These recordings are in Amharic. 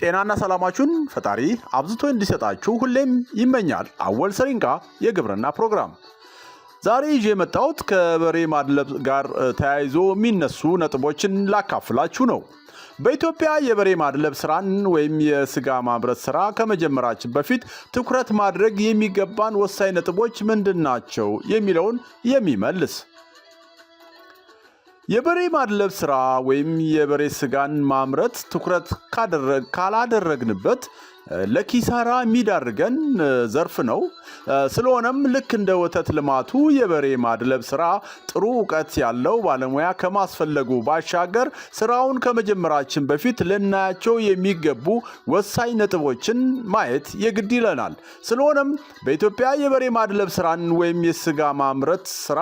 ጤናና ሰላማችሁን ፈጣሪ አብዝቶ እንዲሰጣችሁ ሁሌም ይመኛል። አወል ሰሪንቃ የግብርና ፕሮግራም ዛሬ ይዤ የመጣሁት ከበሬ ማድለብ ጋር ተያይዞ የሚነሱ ነጥቦችን ላካፍላችሁ ነው። በኢትዮጵያ የበሬ ማድለብ ስራን ወይም የስጋ ማምረት ስራ ከመጀመራችን በፊት ትኩረት ማድረግ የሚገባን ወሳኝ ነጥቦች ምንድን ናቸው የሚለውን የሚመልስ የበሬ ማድለብ ስራ ወይም የበሬ ስጋን ማምረት ትኩረት ካላደረግንበት ለኪሳራ የሚዳርገን ዘርፍ ነው። ስለሆነም ልክ እንደ ወተት ልማቱ የበሬ ማድለብ ስራ ጥሩ እውቀት ያለው ባለሙያ ከማስፈለጉ ባሻገር ስራውን ከመጀመራችን በፊት ልናያቸው የሚገቡ ወሳኝ ነጥቦችን ማየት የግድ ይለናል። ስለሆነም በኢትዮጵያ የበሬ ማድለብ ስራን ወይም የስጋ ማምረት ስራ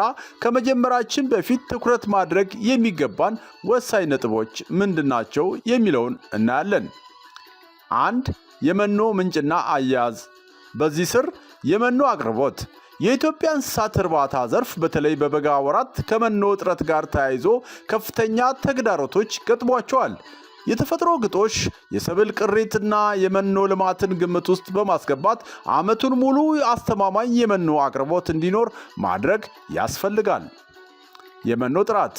ከመጀመራችን በፊት ትኩረት ማድረግ የሚገባን ወሳኝ ነጥቦች ምንድናቸው? የሚለውን እናያለን። አንድ የመኖ ምንጭና አያያዝ፣ በዚህ ስር የመኖ አቅርቦት የኢትዮጵያ እንስሳት እርባታ ዘርፍ በተለይ በበጋ ወራት ከመኖ እጥረት ጋር ተያይዞ ከፍተኛ ተግዳሮቶች ገጥሟቸዋል። የተፈጥሮ ግጦሽ፣ የሰብል ቅሪትና የመኖ ልማትን ግምት ውስጥ በማስገባት ዓመቱን ሙሉ አስተማማኝ የመኖ አቅርቦት እንዲኖር ማድረግ ያስፈልጋል። የመኖ ጥራት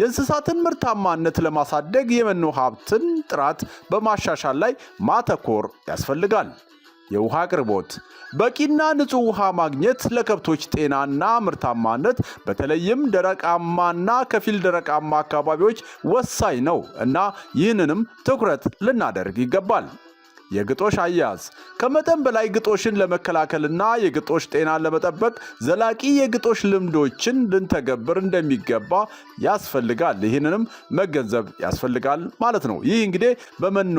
የእንስሳትን ምርታማነት ለማሳደግ የመኖ ሀብትን ጥራት በማሻሻል ላይ ማተኮር ያስፈልጋል። የውሃ አቅርቦት በቂና ንጹህ ውሃ ማግኘት ለከብቶች ጤናና ምርታማነት በተለይም ደረቃማና ከፊል ደረቃማ አካባቢዎች ወሳኝ ነው እና ይህንንም ትኩረት ልናደርግ ይገባል። የግጦሽ አያያዝ ከመጠን በላይ ግጦሽን ለመከላከልና የግጦሽ ጤናን ለመጠበቅ ዘላቂ የግጦሽ ልምዶችን ልንተገብር እንደሚገባ ያስፈልጋል። ይህንንም መገንዘብ ያስፈልጋል ማለት ነው። ይህ እንግዲህ በመኖ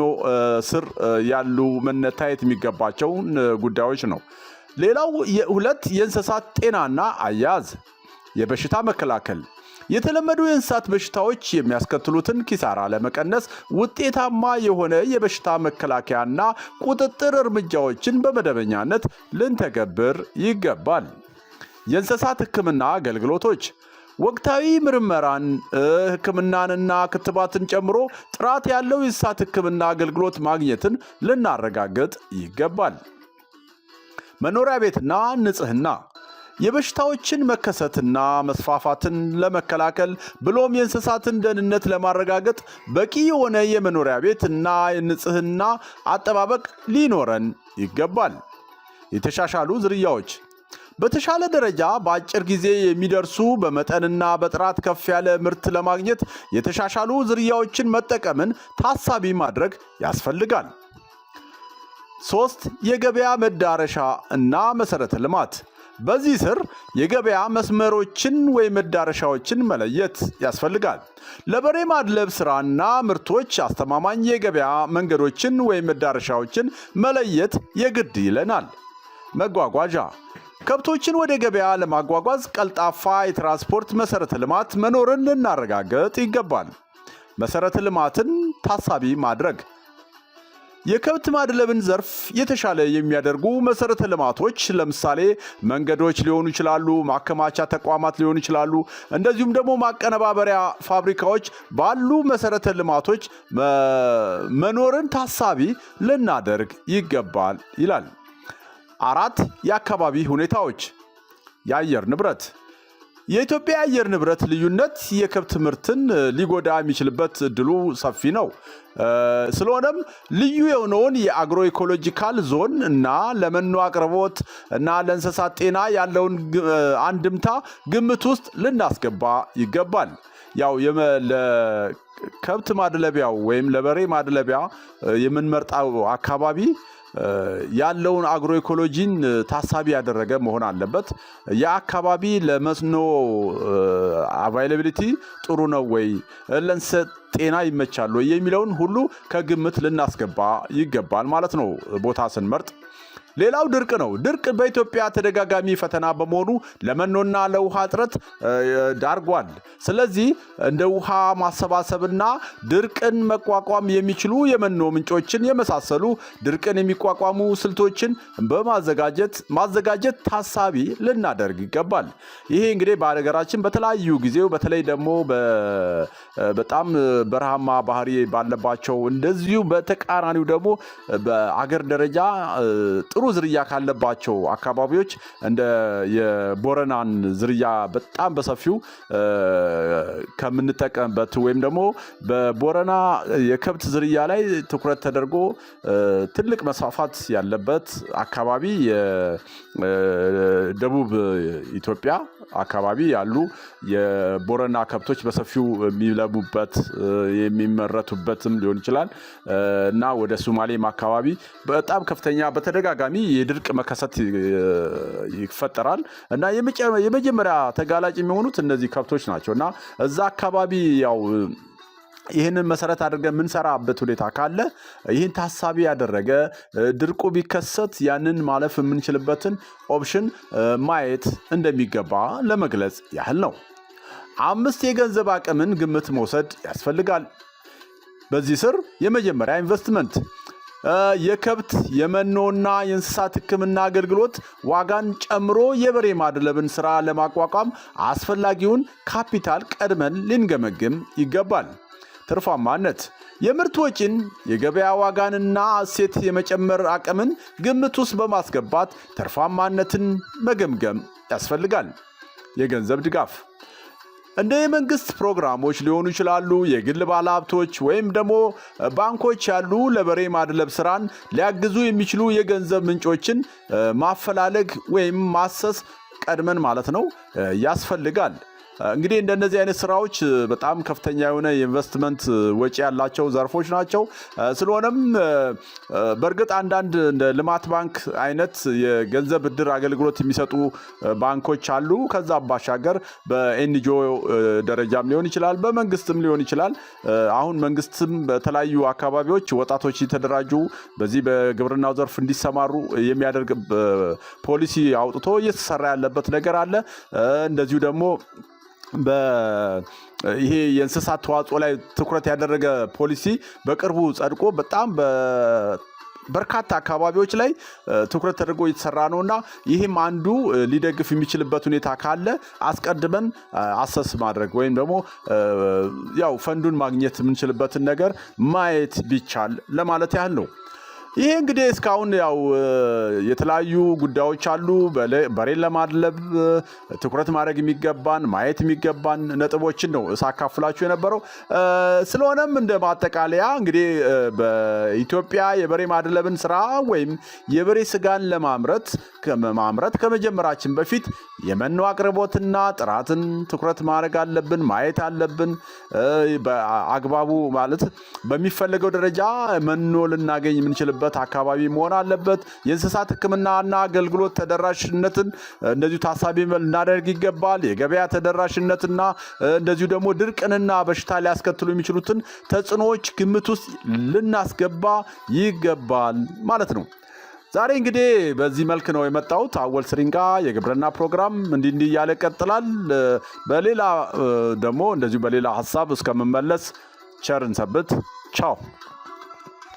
ስር ያሉ መነታየት የሚገባቸውን ጉዳዮች ነው። ሌላው ሁለት የእንስሳት ጤናና አያያዝ የበሽታ መከላከል የተለመዱ የእንስሳት በሽታዎች የሚያስከትሉትን ኪሳራ ለመቀነስ ውጤታማ የሆነ የበሽታ መከላከያና ቁጥጥር እርምጃዎችን በመደበኛነት ልንተገብር ይገባል። የእንስሳት ሕክምና አገልግሎቶች ወቅታዊ ምርመራን ሕክምናንና ክትባትን ጨምሮ ጥራት ያለው የእንስሳት ሕክምና አገልግሎት ማግኘትን ልናረጋግጥ ይገባል። መኖሪያ ቤትና ንጽህና የበሽታዎችን መከሰትና መስፋፋትን ለመከላከል ብሎም የእንስሳትን ደህንነት ለማረጋገጥ በቂ የሆነ የመኖሪያ ቤት እና የንጽህና አጠባበቅ ሊኖረን ይገባል። የተሻሻሉ ዝርያዎች በተሻለ ደረጃ በአጭር ጊዜ የሚደርሱ በመጠንና በጥራት ከፍ ያለ ምርት ለማግኘት የተሻሻሉ ዝርያዎችን መጠቀምን ታሳቢ ማድረግ ያስፈልጋል። ሶስት የገበያ መዳረሻ እና መሰረተ ልማት በዚህ ስር የገበያ መስመሮችን ወይም መዳረሻዎችን መለየት ያስፈልጋል። ለበሬ ማድለብ ስራና ምርቶች አስተማማኝ የገበያ መንገዶችን ወይም መዳረሻዎችን መለየት የግድ ይለናል። መጓጓዣ ከብቶችን ወደ ገበያ ለማጓጓዝ ቀልጣፋ የትራንስፖርት መሠረተ ልማት መኖርን ልናረጋገጥ ይገባል። መሠረተ ልማትን ታሳቢ ማድረግ የከብት ማድለብን ዘርፍ የተሻለ የሚያደርጉ መሰረተ ልማቶች ለምሳሌ መንገዶች ሊሆኑ ይችላሉ፣ ማከማቻ ተቋማት ሊሆኑ ይችላሉ። እንደዚሁም ደግሞ ማቀነባበሪያ ፋብሪካዎች ባሉ መሰረተ ልማቶች መኖርን ታሳቢ ልናደርግ ይገባል ይላል። አራት የአካባቢ ሁኔታዎች የአየር ንብረት የኢትዮጵያ አየር ንብረት ልዩነት የከብት ምርትን ሊጎዳ የሚችልበት እድሉ ሰፊ ነው። ስለሆነም ልዩ የሆነውን የአግሮ ኢኮሎጂካል ዞን እና ለመኖ አቅርቦት እና ለእንስሳት ጤና ያለውን አንድምታ ግምት ውስጥ ልናስገባ ይገባል። ያው ለከብት ማድለቢያው ወይም ለበሬ ማድለቢያ የምንመርጣው አካባቢ ያለውን አግሮ ኢኮሎጂን ታሳቢ ያደረገ መሆን አለበት። የአካባቢ ለመስኖ አቫይላቢሊቲ ጥሩ ነው ወይ ለእንስሳት ጤና ይመቻል ወይ የሚለውን ሁሉ ከግምት ልናስገባ ይገባል ማለት ነው ቦታ ስንመርጥ ሌላው ድርቅ ነው። ድርቅ በኢትዮጵያ ተደጋጋሚ ፈተና በመሆኑ ለመኖና ለውሃ እጥረት ዳርጓል። ስለዚህ እንደ ውሃ ማሰባሰብና ድርቅን መቋቋም የሚችሉ የመኖ ምንጮችን የመሳሰሉ ድርቅን የሚቋቋሙ ስልቶችን በማዘጋጀት ማዘጋጀት ታሳቢ ልናደርግ ይገባል። ይሄ እንግዲህ በሀገራችን በተለያዩ ጊዜው በተለይ ደግሞ በጣም በረሃማ ባህሪ ባለባቸው እንደዚሁ በተቃራኒው ደግሞ በአገር ደረጃ ጥሩ ጥሩ ዝርያ ካለባቸው አካባቢዎች እንደ የቦረናን ዝርያ በጣም በሰፊው ከምንጠቀምበት ወይም ደግሞ በቦረና የከብት ዝርያ ላይ ትኩረት ተደርጎ ትልቅ መስፋፋት ያለበት አካባቢ የደቡብ ኢትዮጵያ አካባቢ ያሉ የቦረና ከብቶች በሰፊው የሚለቡበት የሚመረቱበትም ሊሆን ይችላል እና ወደ ሱማሌም አካባቢ በጣም ከፍተኛ በተደጋጋሚ የድርቅ መከሰት ይፈጠራል እና የመጀመሪያ ተጋላጭ የሚሆኑት እነዚህ ከብቶች ናቸው እና እዛ አካባቢ ያው ይህንን መሰረት አድርገን የምንሰራበት ሁኔታ ካለ ይህን ታሳቢ ያደረገ ድርቁ ቢከሰት ያንን ማለፍ የምንችልበትን ኦፕሽን ማየት እንደሚገባ ለመግለጽ ያህል ነው። አምስት የገንዘብ አቅምን ግምት መውሰድ ያስፈልጋል። በዚህ ስር የመጀመሪያ ኢንቨስትመንት የከብት የመኖና የእንስሳት ሕክምና አገልግሎት ዋጋን ጨምሮ የበሬ ማድለብን ስራ ለማቋቋም አስፈላጊውን ካፒታል ቀድመን ልንገመግም ይገባል። ትርፋማነት የምርት ወጪን፣ የገበያ ዋጋንና እሴት የመጨመር አቅምን ግምት ውስጥ በማስገባት ትርፋማነትን መገምገም ያስፈልጋል። የገንዘብ ድጋፍ እንደ የመንግስት ፕሮግራሞች ሊሆኑ ይችላሉ። የግል ባለሀብቶች ወይም ደግሞ ባንኮች ያሉ ለበሬ ማድለብ ስራን ሊያግዙ የሚችሉ የገንዘብ ምንጮችን ማፈላለግ ወይም ማሰስ ቀድመን ማለት ነው ያስፈልጋል። እንግዲህ እንደነዚህ አይነት ስራዎች በጣም ከፍተኛ የሆነ የኢንቨስትመንት ወጪ ያላቸው ዘርፎች ናቸው። ስለሆነም በእርግጥ አንዳንድ እንደ ልማት ባንክ አይነት የገንዘብ ብድር አገልግሎት የሚሰጡ ባንኮች አሉ። ከዛ ባሻገር በኤንጂኦ ደረጃም ሊሆን ይችላል፣ በመንግስትም ሊሆን ይችላል። አሁን መንግስትም በተለያዩ አካባቢዎች ወጣቶች የተደራጁ በዚህ በግብርናው ዘርፍ እንዲሰማሩ የሚያደርግ ፖሊሲ አውጥቶ እየተሰራ ያለበት ነገር አለ። እንደዚሁ ደግሞ ይሄ የእንስሳት ተዋጽኦ ላይ ትኩረት ያደረገ ፖሊሲ በቅርቡ ጸድቆ በጣም በርካታ አካባቢዎች ላይ ትኩረት ተደርጎ እየተሰራ ነው እና ይህም አንዱ ሊደግፍ የሚችልበት ሁኔታ ካለ አስቀድመን አሰስ ማድረግ ወይም ደግሞ ያው ፈንዱን ማግኘት የምንችልበትን ነገር ማየት ቢቻል ለማለት ያህል ነው። ይሄ እንግዲህ እስካሁን ያው የተለያዩ ጉዳዮች አሉ። በሬን ለማድለብ ትኩረት ማድረግ የሚገባን ማየት የሚገባን ነጥቦችን ነው ሳካፍላችሁ የነበረው። ስለሆነም እንደ ማጠቃለያ እንግዲህ በኢትዮጵያ የበሬ ማድለብን ስራ ወይም የበሬ ስጋን ለማምረት ማምረት ከመጀመራችን በፊት የመኖ አቅርቦትና ጥራትን ትኩረት ማድረግ አለብን፣ ማየት አለብን። በአግባቡ ማለት በሚፈለገው ደረጃ መኖ ልናገኝ የምንችልበት ያለበት አካባቢ መሆን አለበት። የእንስሳት ሕክምናና አገልግሎት ተደራሽነትን እንደዚሁ ታሳቢ ልናደርግ ይገባል። የገበያ ተደራሽነትና እንደዚሁ ደግሞ ድርቅንና በሽታ ሊያስከትሉ የሚችሉትን ተጽዕኖዎች ግምት ውስጥ ልናስገባ ይገባል ማለት ነው። ዛሬ እንግዲህ በዚህ መልክ ነው የመጣሁት። አወል ስሪንቃ የግብርና ፕሮግራም እንዲህ እንዲህ እያለ ቀጥላል። በሌላ ደግሞ እንደዚሁ በሌላ ሀሳብ እስከምመለስ ቸር እንሰብት። ቻው